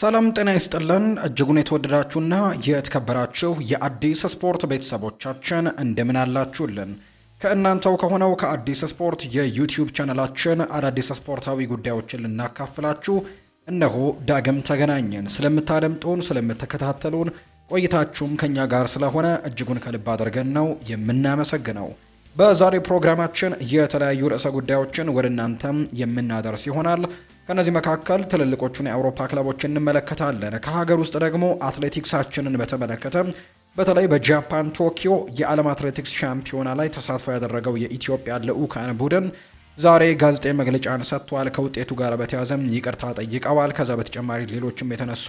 ሰላም ጤና ይስጥልን እጅጉን የተወደዳችሁና የተከበራችሁ የአዲስ ስፖርት ቤተሰቦቻችን እንደምን አላችሁልን? ከእናንተው ከሆነው ከአዲስ ስፖርት የዩቲዩብ ቻነላችን አዳዲስ ስፖርታዊ ጉዳዮችን ልናካፍላችሁ እነሆ ዳግም ተገናኘን። ስለምታደምጡን፣ ስለምትከታተሉን ቆይታችሁም ከእኛ ጋር ስለሆነ እጅጉን ከልብ አድርገን ነው የምናመሰግነው። በዛሬ ፕሮግራማችን የተለያዩ ርዕሰ ጉዳዮችን ወደ እናንተም የምናደርስ ይሆናል። ከነዚህ መካከል ትልልቆቹን የአውሮፓ ክለቦች እንመለከታለን። ከሀገር ውስጥ ደግሞ አትሌቲክሳችንን በተመለከተ በተለይ በጃፓን ቶኪዮ የዓለም አትሌቲክስ ሻምፒዮና ላይ ተሳትፎ ያደረገው የኢትዮጵያ ልዑካን ቡድን ዛሬ ጋዜጣዊ መግለጫን ሰጥቷል። ከውጤቱ ጋር በተያያዘም ይቅርታ ጠይቀዋል። ከዛ በተጨማሪ ሌሎችም የተነሱ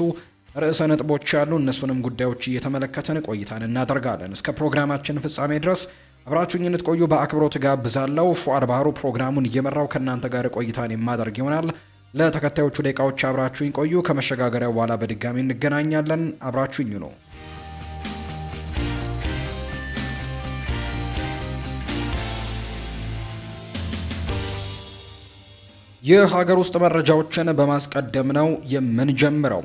ርዕሰ ነጥቦች ያሉ እነሱንም ጉዳዮች እየተመለከትን ቆይታን እናደርጋለን። እስከ ፕሮግራማችን ፍጻሜ ድረስ አብራችሁኝ እንድትቆዩ በአክብሮት ጋብዛለሁ። ፉአድ ባህሩ ፕሮግራሙን እየመራው ከእናንተ ጋር ቆይታን የማደርግ ይሆናል። ለተከታዮቹ ደቂቃዎች አብራችሁኝ ቆዩ። ከመሸጋገሪያው በኋላ በድጋሚ እንገናኛለን። አብራችሁኝ ነው የሀገር ውስጥ መረጃዎችን በማስቀደም ነው የምንጀምረው።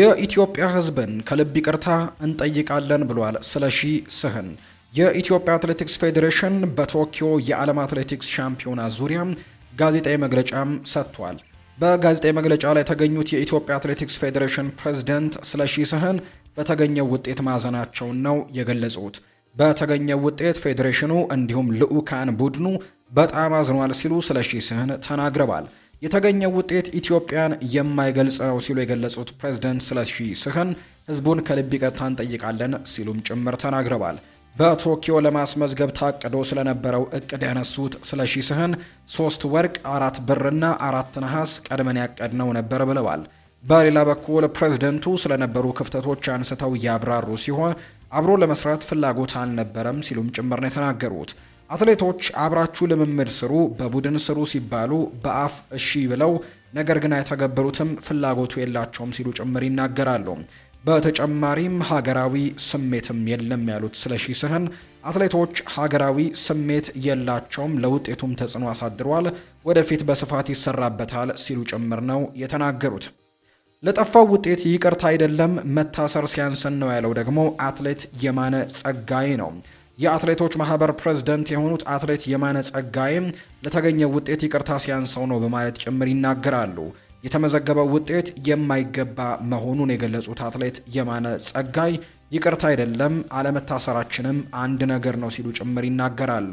የኢትዮጵያ ሕዝብን ከልብ ይቅርታ እንጠይቃለን ብሏል ስለሺ ስህን የኢትዮጵያ አትሌቲክስ ፌዴሬሽን በቶኪዮ የዓለም አትሌቲክስ ሻምፒዮና ዙሪያ ጋዜጣዊ መግለጫም ሰጥቷል። በጋዜጣዊ መግለጫ ላይ የተገኙት የኢትዮጵያ አትሌቲክስ ፌዴሬሽን ፕሬዝደንት ስለሺ ስህን በተገኘው ውጤት ማዘናቸውን ነው የገለጹት። በተገኘው ውጤት ፌዴሬሽኑ እንዲሁም ልዑካን ቡድኑ በጣም አዝኗል ሲሉ ስለሺ ስህን ተናግረዋል። የተገኘው ውጤት ኢትዮጵያን የማይገልጽ ነው ሲሉ የገለጹት ፕሬዝደንት ስለሺ ስህን ህዝቡን ከልብ ይቅርታ እንጠይቃለን ሲሉም ጭምር ተናግረዋል። በቶኪዮ ለማስመዝገብ ታቅዶ ስለነበረው እቅድ ያነሱት ስለ ሺህ ስህን ሶስት ወርቅ አራት ብርና አራት ነሐስ ቀድመን ያቀድነው ነበር ብለዋል። በሌላ በኩል ፕሬዝደንቱ ስለነበሩ ክፍተቶች አንስተው እያብራሩ ሲሆን አብሮ ለመስራት ፍላጎት አልነበረም ሲሉም ጭምር ነው የተናገሩት። አትሌቶች አብራችሁ ልምምድ ስሩ፣ በቡድን ስሩ ሲባሉ በአፍ እሺ ብለው ነገር ግን አይተገብሩትም፣ ፍላጎቱ የላቸውም ሲሉ ጭምር ይናገራሉ። በተጨማሪም ሀገራዊ ስሜትም የለም ያሉት ስለሺ ስህን አትሌቶች ሀገራዊ ስሜት የላቸውም፣ ለውጤቱም ተጽዕኖ አሳድሯል፣ ወደፊት በስፋት ይሰራበታል ሲሉ ጭምር ነው የተናገሩት። ለጠፋው ውጤት ይቅርታ አይደለም መታሰር ሲያንሰን ነው ያለው ደግሞ አትሌት የማነ ጸጋይ ነው። የአትሌቶች ማህበር ፕሬዝደንት የሆኑት አትሌት የማነ ጸጋይም ለተገኘ ውጤት ይቅርታ ሲያንሰው ነው በማለት ጭምር ይናገራሉ። የተመዘገበው ውጤት የማይገባ መሆኑን የገለጹት አትሌት የማነ ጸጋይ ይቅርታ አይደለም አለመታሰራችንም አንድ ነገር ነው ሲሉ ጭምር ይናገራል።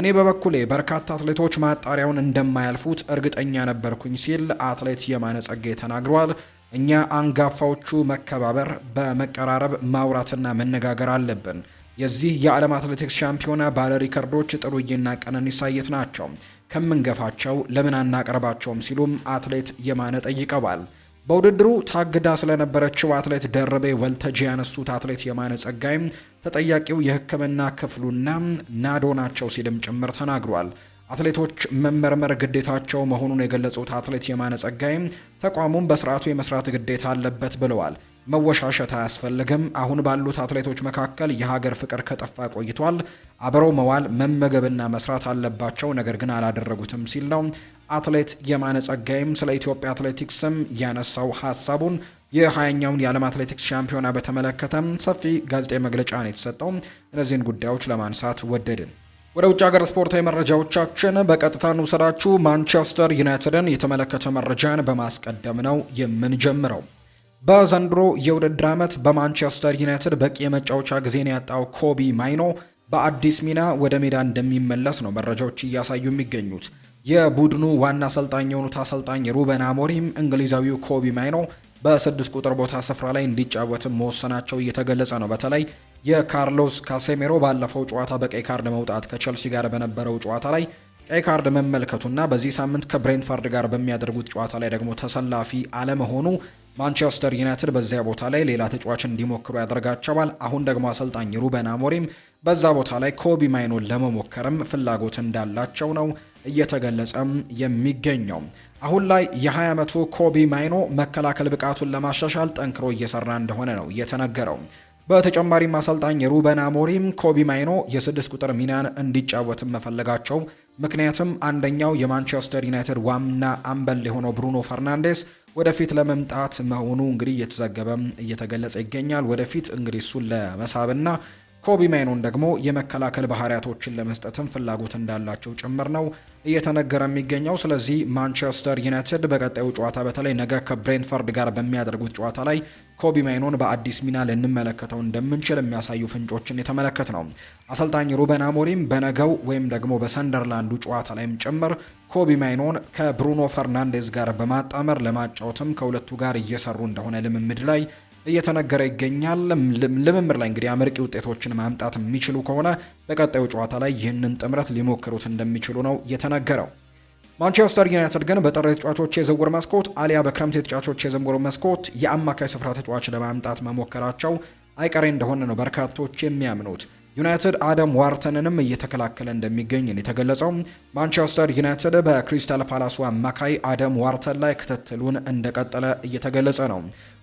እኔ በበኩሌ በርካታ አትሌቶች ማጣሪያውን እንደማያልፉት እርግጠኛ ነበርኩኝ ሲል አትሌት የማነ ጸጋይ ተናግሯል። እኛ አንጋፋዎቹ መከባበር፣ በመቀራረብ ማውራትና መነጋገር አለብን። የዚህ የዓለም አትሌቲክስ ሻምፒዮና ባለሪከርዶች ሪከርዶች ጥሩዬና ቀነኒሳ የት ናቸው? ከምንገፋቸው ለምን አናቀርባቸውም ሲሉም አትሌት የማነ ጠይቀዋል። በውድድሩ ታግዳ ስለነበረችው አትሌት ደርቤ ወልተጂ ያነሱት አትሌት የማነ ጸጋይም ተጠያቂው የሕክምና ክፍሉና ናዶ ናቸው ሲልም ጭምር ተናግሯል። አትሌቶች መመርመር ግዴታቸው መሆኑን የገለጹት አትሌት የማነ ጸጋይም ተቋሙም በስርዓቱ የመስራት ግዴታ አለበት ብለዋል። መወሻሸት አያስፈልግም። አሁን ባሉት አትሌቶች መካከል የሀገር ፍቅር ከጠፋ ቆይቷል። አብረው መዋል መመገብና መስራት አለባቸው፣ ነገር ግን አላደረጉትም ሲል ነው አትሌት የማነ ጸጋይም ስለ ኢትዮጵያ አትሌቲክስም ያነሳው ሀሳቡን። የሀያኛውን የዓለም አትሌቲክስ ሻምፒዮና በተመለከተም ሰፊ ጋዜጣዊ መግለጫ ነው የተሰጠው። እነዚህን ጉዳዮች ለማንሳት ወደድን። ወደ ውጭ ሀገር ስፖርታዊ መረጃዎቻችን በቀጥታ እንውሰዳችሁ። ማንቸስተር ዩናይትድን የተመለከተ መረጃን በማስቀደም ነው የምንጀምረው። በዘንድሮ የውድድር ዓመት በማንቸስተር ዩናይትድ በቂ የመጫወቻ ጊዜን ያጣው ኮቢ ማይኖ በአዲስ ሚና ወደ ሜዳ እንደሚመለስ ነው መረጃዎች እያሳዩ የሚገኙት። የቡድኑ ዋና አሰልጣኝ የሆኑት አሰልጣኝ ሩበን አሞሪም እንግሊዛዊው ኮቢ ማይኖ በስድስት ቁጥር ቦታ ስፍራ ላይ እንዲጫወትም መወሰናቸው እየተገለጸ ነው። በተለይ የካርሎስ ካሴሜሮ ባለፈው ጨዋታ በቀይ ካርድ መውጣት ከቸልሲ ጋር በነበረው ጨዋታ ላይ ቀይ ካርድ መመልከቱና በዚህ ሳምንት ከብሬንትፈርድ ጋር በሚያደርጉት ጨዋታ ላይ ደግሞ ተሰላፊ አለመሆኑ ማንቸስተር ዩናይትድ በዚያ ቦታ ላይ ሌላ ተጫዋች እንዲሞክሩ ያደርጋቸዋል። አሁን ደግሞ አሰልጣኝ ሩበን አሞሪም በዛ ቦታ ላይ ኮቢ ማይኖን ለመሞከርም ፍላጎት እንዳላቸው ነው እየተገለጸም የሚገኘው። አሁን ላይ የ20 ዓመቱ ኮቢ ማይኖ መከላከል ብቃቱን ለማሻሻል ጠንክሮ እየሰራ እንደሆነ ነው እየተነገረው። በተጨማሪም አሰልጣኝ ሩበን አሞሪም ኮቢ ማይኖ የስድስት ቁጥር ሚናን እንዲጫወትም መፈለጋቸው ምክንያትም አንደኛው የማንቸስተር ዩናይትድ ዋና አምበል የሆነው ብሩኖ ፈርናንዴስ ወደፊት ለመምጣት መሆኑ እንግዲህ እየተዘገበም እየተገለጸ ይገኛል። ወደፊት እንግዲህ እሱን ለመሳብና ኮቢ ማይኑን ደግሞ የመከላከል ባህሪያቶችን ለመስጠትም ፍላጎት እንዳላቸው ጭምር ነው እየተነገረ የሚገኘው። ስለዚህ ማንቸስተር ዩናይትድ በቀጣዩ ጨዋታ በተለይ ነገ ከብሬንፈርድ ጋር በሚያደርጉት ጨዋታ ላይ ኮቢ ማይኖን በአዲስ ሚና ልንመለከተው እንደምንችል የሚያሳዩ ፍንጮችን የተመለከት ነው። አሰልጣኝ ሩበን አሞሪም በነገው ወይም ደግሞ በሰንደርላንዱ ጨዋታ ላይም ጭምር ኮቢ ማይኖን ከብሩኖ ፈርናንዴዝ ጋር በማጣመር ለማጫወትም ከሁለቱ ጋር እየሰሩ እንደሆነ ልምምድ ላይ እየተነገረ ይገኛል። ልምምር ላይ እንግዲህ አመርቂ ውጤቶችን ማምጣት የሚችሉ ከሆነ በቀጣዩ ጨዋታ ላይ ይህንን ጥምረት ሊሞክሩት እንደሚችሉ ነው የተነገረው። ማንቸስተር ዩናይትድ ግን በጥር የተጫዋቾች የዝውውር መስኮት አሊያ በክረምት የተጫዋቾች የዝውውር መስኮት የአማካይ ስፍራ ተጫዋች ለማምጣት መሞከራቸው አይቀሬ እንደሆነ ነው በርካቶች የሚያምኑት። ዩናይትድ አደም ዋርተንንም እየተከላከለ እንደሚገኝ ነው የተገለጸው። ማንቸስተር ዩናይትድ በክሪስታል ፓላሱ አማካይ አደም ዋርተን ላይ ክትትሉን እንደቀጠለ እየተገለጸ ነው።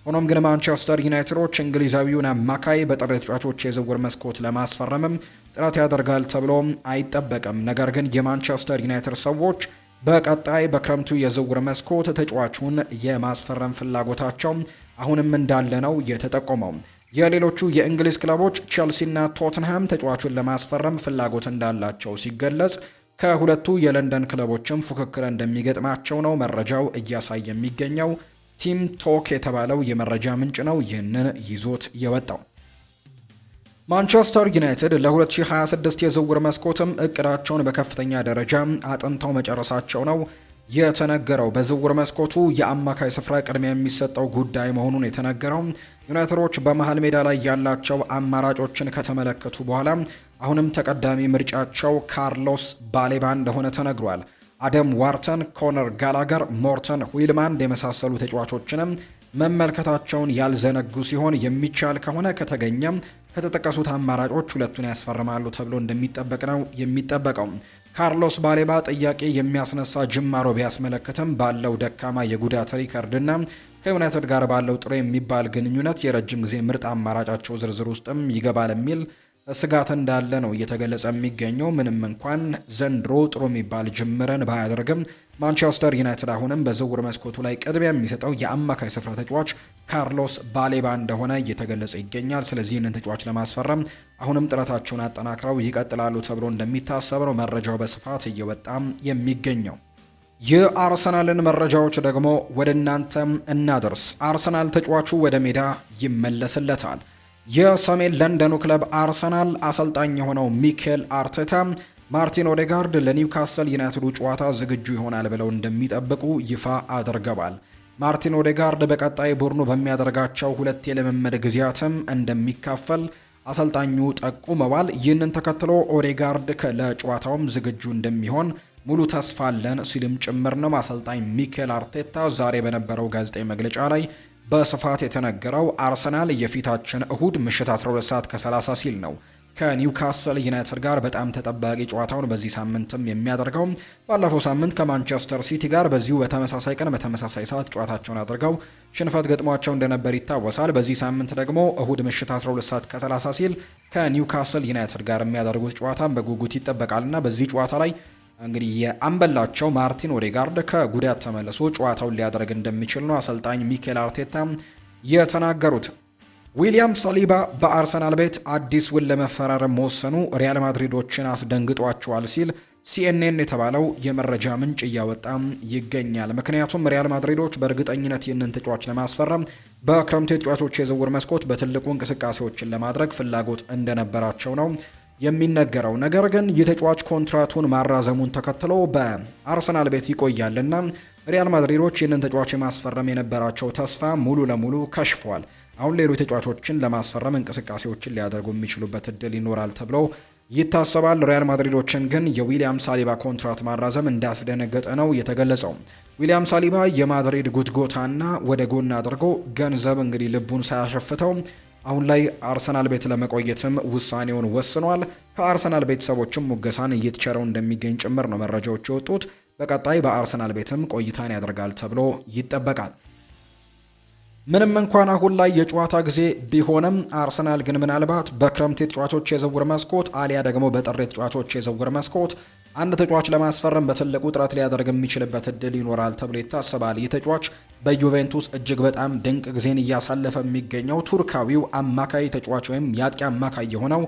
ሆኖም ግን ማንቸስተር ዩናይትዶች እንግሊዛዊውን አማካይ በጥር ተጫዋቾች የዝውውር መስኮት ለማስፈረምም ጥረት ያደርጋል ተብሎ አይጠበቅም። ነገር ግን የማንቸስተር ዩናይትድ ሰዎች በቀጣይ በክረምቱ የዝውውር መስኮት ተጫዋቹን የማስፈረም ፍላጎታቸው አሁንም እንዳለ ነው የተጠቆመው። የሌሎቹ የእንግሊዝ ክለቦች ና ቶትንሃም ተጫዋቹን ለማስፈረም ፍላጎት እንዳላቸው ሲገለጽ ከሁለቱ የለንደን ክለቦችም ፉክክር እንደሚገጥማቸው ነው መረጃው እያሳየ የሚገኘው። ቲም ቶክ የተባለው የመረጃ ምንጭ ነው ይህንን ይዞት የወጣው። ማንቸስተር ዩናይትድ ለ2026 የዝውውር መስኮትም እቅዳቸውን በከፍተኛ ደረጃ አጥንተው መጨረሳቸው ነው የተነገረው። በዝውውር መስኮቱ የአማካይ ስፍራ ቅድሚያ የሚሰጠው ጉዳይ መሆኑን የተነገረው ዩናይትዶች በመሀል ሜዳ ላይ ያላቸው አማራጮችን ከተመለከቱ በኋላ አሁንም ተቀዳሚ ምርጫቸው ካርሎስ ባሌባ እንደሆነ ተነግሯል። አደም ዋርተን፣ ኮነር ጋላገር፣ ሞርተን ሁልማንድ የመሳሰሉ ተጫዋቾችንም መመልከታቸውን ያልዘነጉ ሲሆን የሚቻል ከሆነ ከተገኘ ከተጠቀሱት አማራጮች ሁለቱን ያስፈርማሉ ተብሎ እንደሚጠበቅ ነው የሚጠበቀው። ካርሎስ ባሌባ ጥያቄ የሚያስነሳ ጅማሮ ቢያስመለክትም ባለው ደካማ የጉዳት ሪከርድና ከዩናይትድ ጋር ባለው ጥሩ የሚባል ግንኙነት የረጅም ጊዜ ምርጥ አማራጫቸው ዝርዝር ውስጥም ይገባል የሚል ስጋት እንዳለ ነው እየተገለጸ የሚገኘው። ምንም እንኳን ዘንድሮ ጥሩ የሚባል ጅምርን ባያደርግም ማንቸስተር ዩናይትድ አሁንም በዝውውር መስኮቱ ላይ ቅድሚያ የሚሰጠው የአማካይ ስፍራ ተጫዋች ካርሎስ ባሌባ እንደሆነ እየተገለጸ ይገኛል። ስለዚህ ይህንን ተጫዋች ለማስፈረም አሁንም ጥረታቸውን አጠናክረው ይቀጥላሉ ተብሎ እንደሚታሰብ ነው መረጃው በስፋት እየወጣም የሚገኘው። የአርሰናልን መረጃዎች ደግሞ ወደ እናንተም እናደርስ። አርሰናል ተጫዋቹ ወደ ሜዳ ይመለስለታል። የሰሜን ለንደኑ ክለብ አርሰናል አሰልጣኝ የሆነው ሚኬል አርቴታ ማርቲን ኦዴጋርድ ለኒውካስል ዩናይትዱ ጨዋታ ዝግጁ ይሆናል ብለው እንደሚጠብቁ ይፋ አድርገዋል። ማርቲን ኦዴጋርድ በቀጣይ ቡድኑ በሚያደርጋቸው ሁለት የልምምድ ጊዜያትም እንደሚካፈል አሰልጣኙ ጠቁመዋል። ይህንን ተከትሎ ኦዴጋርድ ለጨዋታውም ዝግጁ እንደሚሆን ሙሉ ተስፋ አለን ሲልም ጭምር ነው አሰልጣኝ ሚኬል አርቴታ ዛሬ በነበረው ጋዜጣዊ መግለጫ ላይ በስፋት የተነገረው። አርሰናል የፊታችን እሁድ ምሽት 12 ሰዓት ከ30 ሲል ነው ከኒውካስል ዩናይትድ ጋር በጣም ተጠባቂ ጨዋታውን በዚህ ሳምንትም የሚያደርገው ባለፈው ሳምንት ከማንቸስተር ሲቲ ጋር በዚሁ በተመሳሳይ ቀን በተመሳሳይ ሰዓት ጨዋታቸውን አድርገው ሽንፈት ገጥሟቸው እንደነበር ይታወሳል። በዚህ ሳምንት ደግሞ እሁድ ምሽት 12 ሰዓት ከ30 ሲል ከኒውካስል ዩናይትድ ጋር የሚያደርጉት ጨዋታም በጉጉት ይጠበቃልና በዚህ ጨዋታ ላይ እንግዲህ የአምበላቸው ማርቲን ኦዴጋርድ ከጉዳት ተመልሶ ጨዋታውን ሊያደርግ እንደሚችል ነው አሰልጣኝ ሚኬል አርቴታ የተናገሩት። ዊሊያም ሰሊባ በአርሰናል ቤት አዲስ ውል ለመፈራረም መወሰኑ ሪያል ማድሪዶችን አስደንግጧቸዋል ሲል ሲኤንኤን የተባለው የመረጃ ምንጭ እያወጣም ይገኛል። ምክንያቱም ሪያል ማድሪዶች በእርግጠኝነት ይህንን ተጫዋች ለማስፈረም በክረምት የተጫዋቾች የዝውውር መስኮት በትልቁ እንቅስቃሴዎችን ለማድረግ ፍላጎት እንደነበራቸው ነው የሚነገረው። ነገር ግን ይህ ተጫዋች ኮንትራቱን ማራዘሙን ተከትሎ በአርሰናል ቤት ይቆያልና ሪያል ማድሪዶች ይህንን ተጫዋች የማስፈረም የነበራቸው ተስፋ ሙሉ ለሙሉ ከሽፏል። አሁን ሌሎች ተጫዋቾችን ለማስፈረም እንቅስቃሴዎችን ሊያደርጉ የሚችሉበት እድል ይኖራል ተብሎ ይታሰባል። ሪያል ማድሪዶችን ግን የዊሊያም ሳሊባ ኮንትራት ማራዘም እንዳስደነገጠ ነው የተገለጸው። ዊሊያም ሳሊባ የማድሪድ ጉትጎታና ወደ ጎን አድርጎ ገንዘብ እንግዲህ ልቡን ሳያሸፍተው አሁን ላይ አርሰናል ቤት ለመቆየትም ውሳኔውን ወስኗል። ከአርሰናል ቤተሰቦችም ሙገሳን እየተቸረው እንደሚገኝ ጭምር ነው መረጃዎች የወጡት። በቀጣይ በአርሰናል ቤትም ቆይታን ያደርጋል ተብሎ ይጠበቃል። ምንም እንኳን አሁን ላይ የጨዋታ ጊዜ ቢሆንም አርሰናል ግን ምናልባት በክረምት የተጫዋቾች የዝውውር መስኮት አሊያ ደግሞ በጥር የተጫዋቾች የዝውውር መስኮት አንድ ተጫዋች ለማስፈረም በትልቁ ጥረት ሊያደርግ የሚችልበት እድል ይኖራል ተብሎ ይታሰባል። ይህ ተጫዋች በዩቬንቱስ እጅግ በጣም ድንቅ ጊዜን እያሳለፈ የሚገኘው ቱርካዊው አማካይ ተጫዋች ወይም የአጥቂ አማካይ የሆነው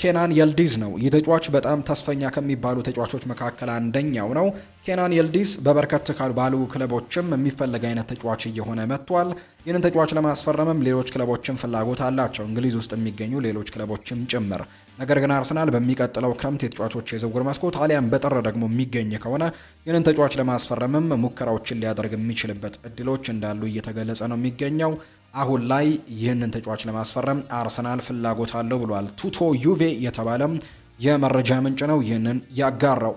ኬናን የልዲዝ ነው። ይህ ተጫዋች በጣም ተስፈኛ ከሚባሉ ተጫዋቾች መካከል አንደኛው ነው። ኬናን የልዲዝ በበርከት ባሉ ክለቦችም የሚፈለግ አይነት ተጫዋች እየሆነ መጥቷል። ይህንን ተጫዋች ለማስፈረምም ሌሎች ክለቦችም ፍላጎት አላቸው፣ እንግሊዝ ውስጥ የሚገኙ ሌሎች ክለቦችም ጭምር። ነገር ግን አርሰናል በሚቀጥለው ክረምት የተጫዋቾች የዝውውር መስኮት አሊያም በጥር ደግሞ የሚገኝ ከሆነ ይህንን ተጫዋች ለማስፈረምም ሙከራዎችን ሊያደርግ የሚችልበት እድሎች እንዳሉ እየተገለጸ ነው የሚገኘው። አሁን ላይ ይህንን ተጫዋች ለማስፈረም አርሰናል ፍላጎት አለው ብሏል። ቱቶ ዩቬ የተባለም የመረጃ ምንጭ ነው ይህንን ያጋራው።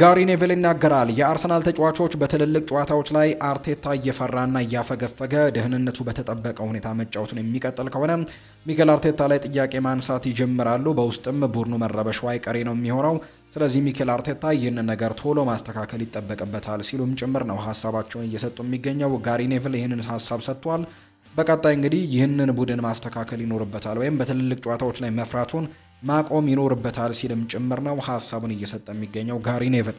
ጋሪ ኔቪል ይናገራል። የአርሰናል ተጫዋቾች በትልልቅ ጨዋታዎች ላይ አርቴታ እየፈራና እያፈገፈገ ደህንነቱ በተጠበቀ ሁኔታ መጫወቱን የሚቀጥል ከሆነ ሚኬል አርቴታ ላይ ጥያቄ ማንሳት ይጀምራሉ። በውስጥም ቡድኑ መረበሹ አይቀሬ ነው የሚሆነው። ስለዚህ ሚኬል አርቴታ ይህን ነገር ቶሎ ማስተካከል ይጠበቅበታል ሲሉም ጭምር ነው ሀሳባቸውን እየሰጡ የሚገኘው። ጋሪ ኔቪል ይህንን ሀሳብ ሰጥቷል። በቀጣይ እንግዲህ ይህንን ቡድን ማስተካከል ይኖርበታል ወይም በትልልቅ ጨዋታዎች ላይ መፍራቱን ማቆም ይኖርበታል ሲልም ጭምር ነው ሀሳቡን እየሰጠ የሚገኘው ጋሪ ኔቭል።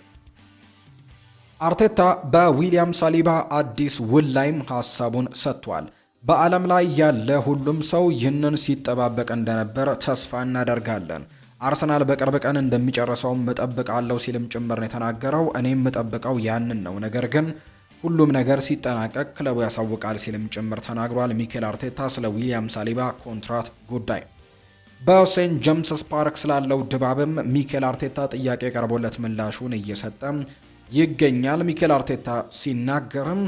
አርቴታ በዊሊያም ሳሊባ አዲስ ውል ላይም ሀሳቡን ሰጥቷል። በዓለም ላይ ያለ ሁሉም ሰው ይህንን ሲጠባበቅ እንደነበር ተስፋ እናደርጋለን። አርሰናል በቅርብ ቀን እንደሚጨርሰውም እጠብቃለሁ ሲልም ጭምር ነው የተናገረው። እኔም እጠብቀው ያንን ነው ነገር ግን ሁሉም ነገር ሲጠናቀቅ ክለቡ ያሳውቃል ሲልም ጭምር ተናግሯል። ሚኬል አርቴታ ስለ ዊሊያም ሳሊባ ኮንትራት ጉዳይ በሴንት ጀምስ ፓርክ ስላለው ድባብም ሚኬል አርቴታ ጥያቄ ቀርቦለት ምላሹን እየሰጠ ይገኛል። ሚኬል አርቴታ ሲናገርም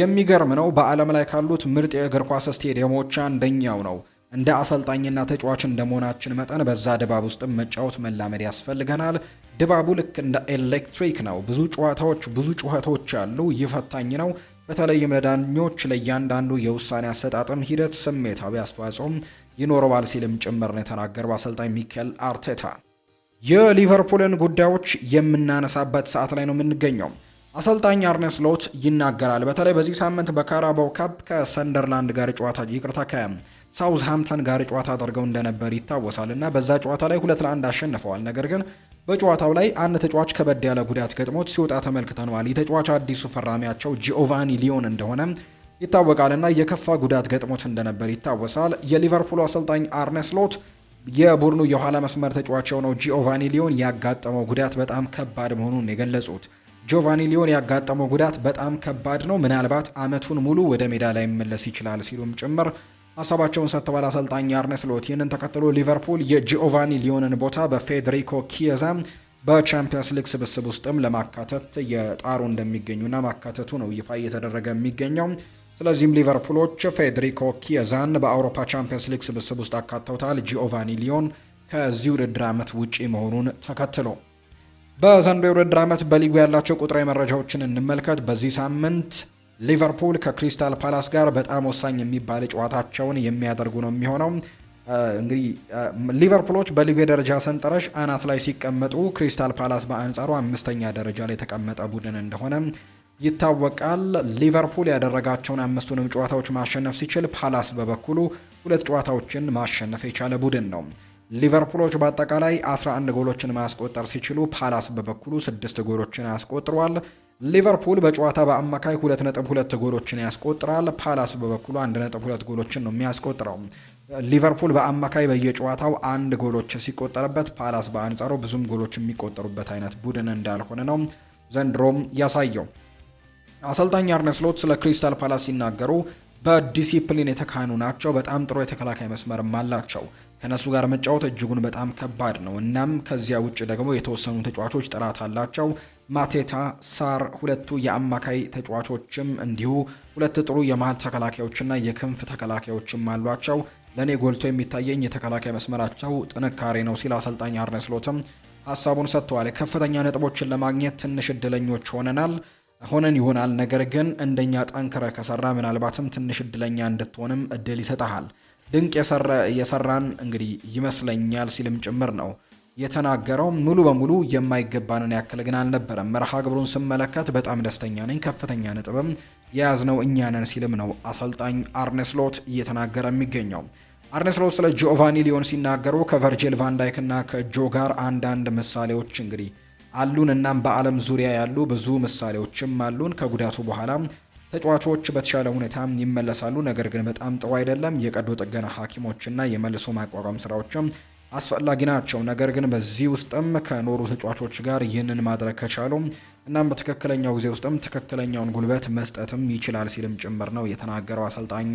የሚገርም ነው፣ በዓለም ላይ ካሉት ምርጥ የእግር ኳስ ስቴዲየሞች አንደኛው ነው። እንደ አሰልጣኝና ተጫዋች እንደመሆናችን መጠን በዛ ድባብ ውስጥም መጫወት መላመድ ያስፈልገናል። ድባቡ ልክ እንደ ኤሌክትሪክ ነው። ብዙ ጨዋታዎች ብዙ ጨዋታዎች ያሉ ይፈታኝ ነው። በተለይም ለዳኞች ለእያንዳንዱ የውሳኔ አሰጣጥም ሂደት ስሜታዊ አስተዋጽኦም ይኖረዋል ሲልም ጭምር ነው የተናገረው አሰልጣኝ ሚኬል አርቴታ። የሊቨርፑልን ጉዳዮች የምናነሳበት ሰዓት ላይ ነው የምንገኘው። አሰልጣኝ አርነ ስሎት ይናገራል። በተለይ በዚህ ሳምንት በካራባው ካፕ ከሰንደርላንድ ጋር ጨዋታ ይቅርታ ከ ሳውዝሃምፕተን ጋር ጨዋታ አድርገው እንደነበር ይታወሳል እና በዛ ጨዋታ ላይ ሁለት ለአንድ አሸንፈዋል። ነገር ግን በጨዋታው ላይ አንድ ተጫዋች ከበድ ያለ ጉዳት ገጥሞት ሲወጣ ተመልክተነዋል። የተጫዋች አዲሱ ፈራሚያቸው ጂኦቫኒ ሊዮን እንደሆነ ይታወቃልና የከፋ ጉዳት ገጥሞት እንደነበር ይታወሳል። የሊቨርፑል አሰልጣኝ አርነስሎት ስሎት የቡድኑ የኋላ መስመር ተጫዋቸው ነው ጂኦቫኒ ሊዮን ያጋጠመው ጉዳት በጣም ከባድ መሆኑን የገለጹት ጆቫኒ ሊዮን ያጋጠመው ጉዳት በጣም ከባድ ነው፣ ምናልባት አመቱን ሙሉ ወደ ሜዳ ላይ መለስ ይችላል ሲሉም ጭምር ሀሳባቸውን ሰጥተዋል። አሰልጣኝ አርነ ስሎት ይህንን ተከትሎ ሊቨርፑል የጂኦቫኒ ሊዮንን ቦታ በፌዴሪኮ ኪየዛ በቻምፒየንስ ሊግ ስብስብ ውስጥም ለማካተት የጣሩ እንደሚገኙና ማካተቱ ነው ይፋ እየተደረገ የሚገኘው። ስለዚህም ሊቨርፑሎች ፌዴሪኮ ኪየዛን በአውሮፓ ቻምፒየንስ ሊግ ስብስብ ውስጥ አካተውታል። ጂኦቫኒ ሊዮን ከዚህ ውድድር ዓመት ውጪ መሆኑን ተከትሎ በዘንድሮው የውድድር ዓመት በሊጉ ያላቸው ቁጥራዊ መረጃዎችን እንመልከት። በዚህ ሳምንት ሊቨርፑል ከክሪስታል ፓላስ ጋር በጣም ወሳኝ የሚባል ጨዋታቸውን የሚያደርጉ ነው የሚሆነው። እንግዲህ ሊቨርፑሎች በሊጉ የደረጃ ሰንጠረዥ አናት ላይ ሲቀመጡ፣ ክሪስታል ፓላስ በአንጻሩ አምስተኛ ደረጃ ላይ የተቀመጠ ቡድን እንደሆነ ይታወቃል። ሊቨርፑል ያደረጋቸውን አምስቱንም ጨዋታዎች ማሸነፍ ሲችል፣ ፓላስ በበኩሉ ሁለት ጨዋታዎችን ማሸነፍ የቻለ ቡድን ነው። ሊቨርፑሎች በአጠቃላይ 11 ጎሎችን ማስቆጠር ሲችሉ፣ ፓላስ በበኩሉ ስድስት ጎሎችን አስቆጥሯል። ሊቨርፑል በጨዋታ በአማካይ 2.2 ጎሎችን ያስቆጥራል። ፓላስ በበኩሉ 1.2 ጎሎችን ነው የሚያስቆጥረው። ሊቨርፑል በአማካይ በየጨዋታው አንድ ጎሎች ሲቆጠርበት፣ ፓላስ በአንጻሩ ብዙም ጎሎች የሚቆጠሩበት አይነት ቡድን እንዳልሆነ ነው ዘንድሮም ያሳየው። አሰልጣኝ አርነ ስሎት ስለ ክሪስታል ፓላስ ሲናገሩ በዲሲፕሊን የተካኑ ናቸው። በጣም ጥሩ የተከላካይ መስመርም አላቸው። ከነሱ ጋር መጫወት እጅጉን በጣም ከባድ ነው። እናም ከዚያ ውጭ ደግሞ የተወሰኑ ተጫዋቾች ጥራት አላቸው። ማቴታ፣ ሳር ሁለቱ የአማካይ ተጫዋቾችም እንዲሁ ሁለት ጥሩ የመሀል ተከላካዮችና የክንፍ ተከላካዮችም አሏቸው። ለእኔ ጎልቶ የሚታየኝ የተከላካይ መስመራቸው ጥንካሬ ነው ሲል አሰልጣኝ አርነ ስሎትም ሀሳቡን ሰጥተዋል። ከፍተኛ ነጥቦችን ለማግኘት ትንሽ እድለኞች ሆነናል ሆነን ይሆናል። ነገር ግን እንደኛ ጠንክረ ከሰራ ምናልባትም ትንሽ እድለኛ እንድትሆንም እድል ይሰጠሃል። ድንቅ የሰራን እንግዲህ ይመስለኛል ሲልም ጭምር ነው የተናገረው። ሙሉ በሙሉ የማይገባንን ያክል ግን አልነበረም። መርሃ ግብሩን ስመለከት በጣም ደስተኛ ነኝ፣ ከፍተኛ ነጥብም የያዝነው እኛንን ሲልም ነው አሰልጣኝ አርኔስሎት እየተናገረ የሚገኘው። አርኔስሎት ስለ ጆቫኒ ሊዮን ሲናገሩ ከቨርጅል ቫንዳይክ እና ከጆ ጋር አንዳንድ ምሳሌዎች እንግዲህ አሉን እናም በዓለም ዙሪያ ያሉ ብዙ ምሳሌዎችም አሉን ከጉዳቱ በኋላ ተጫዋቾች በተሻለ ሁኔታ ይመለሳሉ። ነገር ግን በጣም ጥሩ አይደለም። የቀዶ ጥገና ሐኪሞችና የመልሶ ማቋቋም ስራዎችም አስፈላጊ ናቸው። ነገር ግን በዚህ ውስጥም ከኖሩ ተጫዋቾች ጋር ይህንን ማድረግ ከቻሉ እናም በትክክለኛው ጊዜ ውስጥም ትክክለኛውን ጉልበት መስጠትም ይችላል ሲልም ጭምር ነው የተናገረው። አሰልጣኝ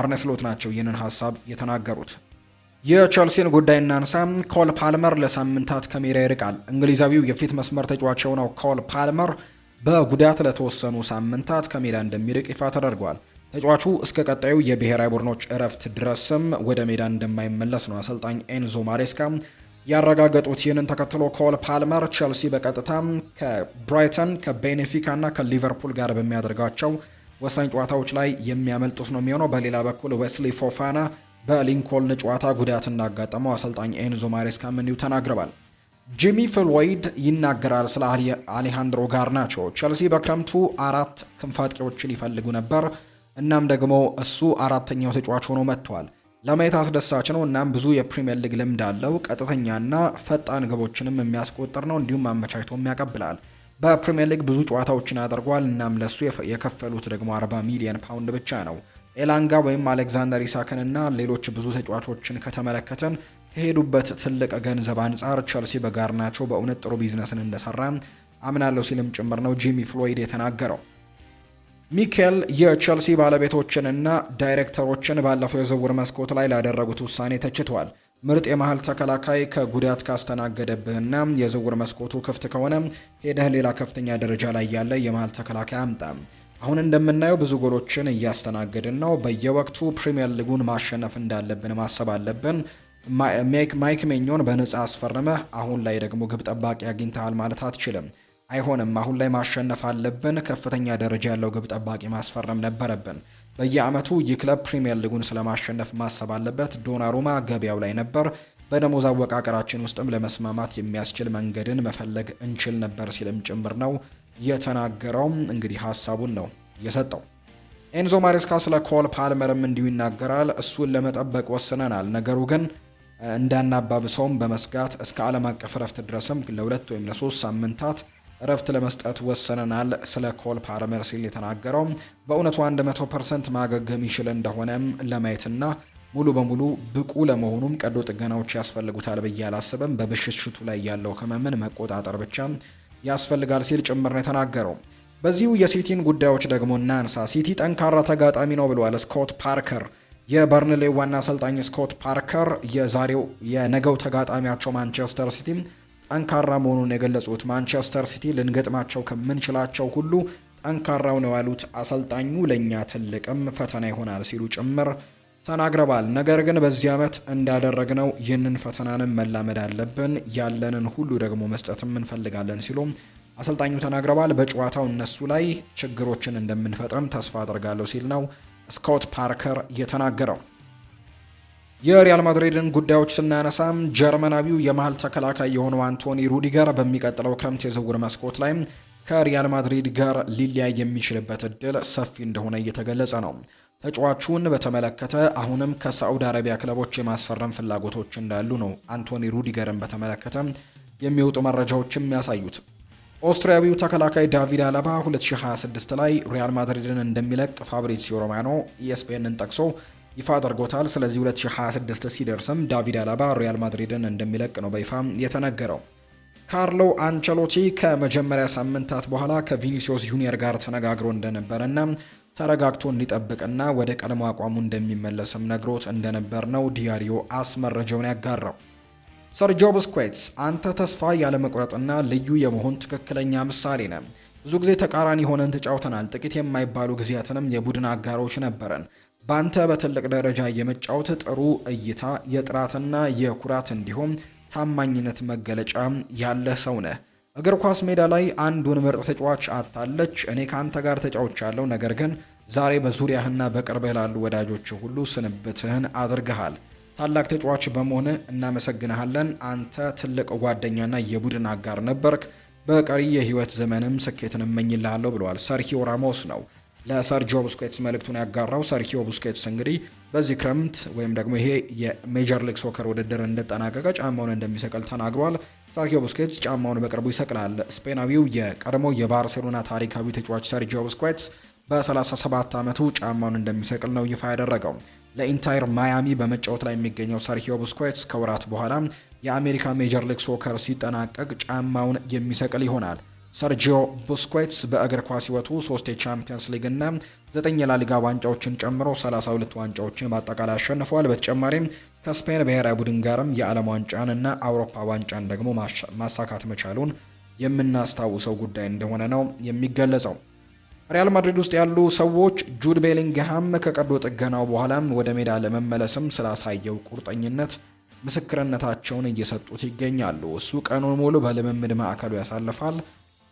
አርነስሎት ናቸው ይህንን ሀሳብ የተናገሩት። የቸልሲን ጉዳይ እናንሳ። ኮል ፓልመር ለሳምንታት ከሜዳ ይርቃል። እንግሊዛዊው የፊት መስመር ተጫዋች የሆነው ኮል ፓልመር በጉዳት ለተወሰኑ ሳምንታት ከሜዳ እንደሚርቅ ይፋ ተደርጓል። ተጫዋቹ እስከ ቀጣዩ የብሔራዊ ቡድኖች እረፍት ድረስም ወደ ሜዳ እንደማይመለስ ነው አሰልጣኝ ኤንዞ ማሬስካ ያረጋገጡት። ይህንን ተከትሎ ኮል ፓልመር ቼልሲ በቀጥታ ከብራይተን ከቤኔፊካ እና ከሊቨርፑል ጋር በሚያደርጋቸው ወሳኝ ጨዋታዎች ላይ የሚያመልጡት ነው የሚሆነው። በሌላ በኩል ዌስሊ ፎፋና በሊንኮልን ጨዋታ ጉዳት እንዳጋጠመው አሰልጣኝ ኤንዞ ማሬስካ እንዲሁ ተናግረዋል። ጂሚ ፍሎይድ ይናገራል ስለ አሌሃንድሮ ጋርናቾ። ቸልሲ በክረምቱ አራት ክንፍ አጥቂዎችን ይፈልጉ ነበር፣ እናም ደግሞ እሱ አራተኛው ተጫዋች ሆኖ መጥቷል። ለማየት አስደሳች ነው። እናም ብዙ የፕሪምየር ሊግ ልምድ አለው። ቀጥተኛና ፈጣን ግቦችንም የሚያስቆጥር ነው፣ እንዲሁም አመቻችቶም ያቀብላል። በፕሪምየር ሊግ ብዙ ጨዋታዎችን አድርጓል። እናም ለሱ የከፈሉት ደግሞ 40 ሚሊዮን ፓውንድ ብቻ ነው። ኤላንጋ ወይም አሌክዛንደር እና ሌሎች ብዙ ተጫዋቾችን ከተመለከትን ከሄዱበት ትልቅ ገንዘብ አንጻር ቸልሲ በጋርናቸው በእውነት ጥሩ ቢዝነስን እንደሰራ አምናለሁ ሲልም ጭምር ነው ጂሚ ፍሎይድ የተናገረው። ሚኬል የቸልሲ ባለቤቶችንና ዳይሬክተሮችን ባለፈው የዝውውር መስኮት ላይ ላደረጉት ውሳኔ ተችቷል። ምርጥ የመሀል ተከላካይ ከጉዳት ካስተናገደብህና የዝውውር መስኮቱ ክፍት ከሆነ ሄደህ ሌላ ከፍተኛ ደረጃ ላይ ያለ የመሀል ተከላካይ አምጣ። አሁን እንደምናየው ብዙ ጎሎችን እያስተናገድን ነው። በየወቅቱ ፕሪምየር ሊጉን ማሸነፍ እንዳለብን ማሰብ አለብን። ማይክ ሜኞን በነጻ አስፈርመ አሁን ላይ ደግሞ ግብ ጠባቂ አግኝተሃል ማለት አትችልም። አይሆንም። አሁን ላይ ማሸነፍ አለብን። ከፍተኛ ደረጃ ያለው ግብ ጠባቂ ማስፈረም ነበረብን። በየአመቱ ይህ ክለብ ፕሪምየር ሊጉን ስለማሸነፍ ማሰብ አለበት። ዶናሩማ ገበያው ላይ ነበር። በደሞዝ አወቃቀራችን ውስጥም ለመስማማት የሚያስችል መንገድን መፈለግ እንችል ነበር ሲልም ጭምር ነው የተናገረው። እንግዲህ ሀሳቡን ነው የሰጠው። ኤንዞ ማሬስካ ስለ ኮል ፓልመርም እንዲሁ ይናገራል። እሱን ለመጠበቅ ወስነናል። ነገሩ ግን እንዳናባብሰውም በመስጋት እስከ ዓለም አቀፍ እረፍት ድረስም ለሁለት ወይም ለሶስት ሳምንታት እረፍት ለመስጠት ወሰነናል። ስለ ኮል ፓልመር ሲል የተናገረው በእውነቱ 100 ፐርሰንት ማገገም ይችል እንደሆነም ለማየትና ሙሉ በሙሉ ብቁ ለመሆኑም ቀዶ ጥገናዎች ያስፈልጉታል ብዬ አላስብም። በብሽሽቱ ላይ ያለው ህመምን መቆጣጠር ብቻ ያስፈልጋል ሲል ጭምር ነው የተናገረው። በዚሁ የሲቲን ጉዳዮች ደግሞ እናንሳ። ሲቲ ጠንካራ ተጋጣሚ ነው ብለዋል ስኮት ፓርከር የበርንሌ ዋና አሰልጣኝ ስኮት ፓርከር የዛሬው የነገው ተጋጣሚያቸው ማንቸስተር ሲቲ ጠንካራ መሆኑን የገለጹት ማንቸስተር ሲቲ ልንገጥማቸው ከምንችላቸው ሁሉ ጠንካራው ነው ያሉት አሰልጣኙ ለእኛ ትልቅም ፈተና ይሆናል ሲሉ ጭምር ተናግረዋል። ነገር ግን በዚህ ዓመት እንዳደረግነው ይህንን ፈተናንም መላመድ አለብን፣ ያለንን ሁሉ ደግሞ መስጠትም እንፈልጋለን ሲሉ አሰልጣኙ ተናግረዋል። በጨዋታው እነሱ ላይ ችግሮችን እንደምንፈጥርም ተስፋ አድርጋለሁ ሲል ነው ስኮት ፓርከር የተናገረው። የሪያል ማድሪድን ጉዳዮች ስናነሳም ጀርመናዊው የመሀል ተከላካይ የሆነው አንቶኒ ሩዲገር በሚቀጥለው ክረምት የዝውውር መስኮት ላይ ከሪያል ማድሪድ ጋር ሊለያይ የሚችልበት እድል ሰፊ እንደሆነ እየተገለጸ ነው። ተጫዋቹን በተመለከተ አሁንም ከሳዑዲ አረቢያ ክለቦች የማስፈረም ፍላጎቶች እንዳሉ ነው አንቶኒ ሩዲገርን በተመለከተ የሚወጡ መረጃዎች የሚያሳዩት። ኦስትሪያዊው ተከላካይ ዳቪድ አለባ 2026 ላይ ሪያል ማድሪድን እንደሚለቅ ፋብሪሲዮ ሮማኖ ኢኤስፒኤንን e ጠቅሶ ይፋ አድርጎታል። ስለዚህ 2026 ሲደርስም ዳቪድ አለባ ሪያል ማድሪድን እንደሚለቅ ነው በይፋ የተነገረው። ካርሎ አንቸሎቲ ከመጀመሪያ ሳምንታት በኋላ ከቪኒሲዮስ ጁኒየር ጋር ተነጋግሮ እንደነበረና ተረጋግቶ እንዲጠብቅና ወደ ቀድሞ አቋሙ እንደሚመለስም ነግሮት እንደነበር ነው ዲያሪዮ አስ መረጃውን ያጋራው። ሰር ጆብስ ስኩዌትስ አንተ ተስፋ ያለመቁረጥና ልዩ የመሆን ትክክለኛ ምሳሌ ነህ። ብዙ ጊዜ ተቃራኒ ሆነን ተጫውተናል። ጥቂት የማይባሉ ጊዜያትንም የቡድን አጋሮች ነበረን። በአንተ በትልቅ ደረጃ የመጫወት ጥሩ እይታ፣ የጥራትና የኩራት እንዲሁም ታማኝነት መገለጫ ያለ ሰው ነህ። እግር ኳስ ሜዳ ላይ አንዱን ምርጥ ተጫዋች አታለች። እኔ ከአንተ ጋር ተጫውቻለሁ፣ ነገር ግን ዛሬ በዙሪያህና በቅርብህ ላሉ ወዳጆች ሁሉ ስንብትህን አድርገሃል። ታላቅ ተጫዋች በመሆን እናመሰግንሃለን። አንተ ትልቅ ጓደኛና የቡድን አጋር ነበርክ። በቀሪ የህይወት ዘመንም ስኬትን መኝላለሁ ብለዋል። ሰርኪዮ ራሞስ ነው ለሰርጂዮ ቡስኬትስ መልእክቱን ያጋራው። ሰርኪዮ ቡስኬትስ እንግዲህ በዚህ ክረምት ወይም ደግሞ ይሄ የሜጀር ሊግ ሶከር ውድድር እንደጠናቀቀ ጫማውን እንደሚሰቅል ተናግሯል። ሰርኪዮ ቡስኬትስ ጫማውን በቅርቡ ይሰቅላል። ስፔናዊው የቀድሞ የባርሴሎና ታሪካዊ ተጫዋች ሰርጂዮ ቡስኬትስ በ37 ዓመቱ ጫማውን እንደሚሰቅል ነው ይፋ ያደረገው። ለኢንታይር ማያሚ በመጫወት ላይ የሚገኘው ሰርሂዮ ቡስኮየትስ ከወራት በኋላ የአሜሪካ ሜጀር ሊግ ሶከር ሲጠናቀቅ ጫማውን የሚሰቅል ይሆናል። ሰርጂዮ ቡስኮየትስ በእግር ኳስ ሕይወቱ ሶስት የቻምፒየንስ እና ዘጠኝ የላሊጋ ዋንጫዎችን ጨምሮ 32 ዋንጫዎችን በአጠቃላይ አሸንፈዋል። በተጨማሪም ከስፔን ብሔራዊ ቡድን ጋርም የዓለም ዋንጫን እና አውሮፓ ዋንጫን ደግሞ ማሳካት መቻሉን የምናስታውሰው ጉዳይ እንደሆነ ነው የሚገለጸው። ሪያል ማድሪድ ውስጥ ያሉ ሰዎች ጁድ ቤሊንግሃም ከቀዶ ጥገናው በኋላም ወደ ሜዳ ለመመለስም ስላሳየው ቁርጠኝነት ምስክርነታቸውን እየሰጡት ይገኛሉ። እሱ ቀኑን ሙሉ በልምምድ ማዕከሉ ያሳልፋል።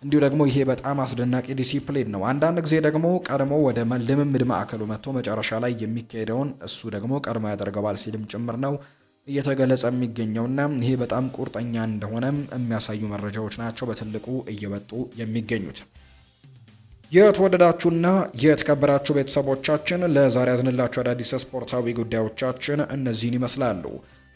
እንዲሁ ደግሞ ይሄ በጣም አስደናቂ ዲሲፕሊን ነው። አንዳንድ ጊዜ ደግሞ ቀድሞ ወደ ልምምድ ማዕከሉ መጥቶ መጨረሻ ላይ የሚካሄደውን እሱ ደግሞ ቀድሞ ያደርገዋል ሲልም ጭምር ነው እየተገለጸ የሚገኘውና ይሄ በጣም ቁርጠኛ እንደሆነም የሚያሳዩ መረጃዎች ናቸው በትልቁ እየወጡ የሚገኙት። የተወደዳችሁና የተከበራችሁ ቤተሰቦቻችን ለዛሬ ያዝንላችሁ አዳዲስ ስፖርታዊ ጉዳዮቻችን እነዚህን ይመስላሉ።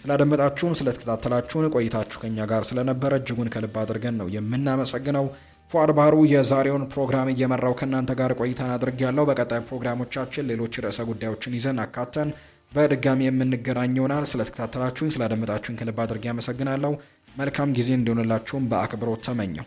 ስላደመጣችሁን፣ ስለተከታተላችሁን ቆይታችሁ ከኛ ጋር ስለነበረ እጅጉን ከልብ አድርገን ነው የምናመሰግነው። ፏድ ባህሩ የዛሬውን ፕሮግራም እየመራው ከእናንተ ጋር ቆይታን አድርግ ያለው። በቀጣይ ፕሮግራሞቻችን ሌሎች ርዕሰ ጉዳዮችን ይዘን አካተን በድጋሚ የምንገናኝ ይሆናል። ስለተከታተላችሁን፣ ስላደመጣችሁን ከልብ አድርጌ ያመሰግናለሁ። መልካም ጊዜ እንዲሆንላችሁም በአክብሮት ተመኘው።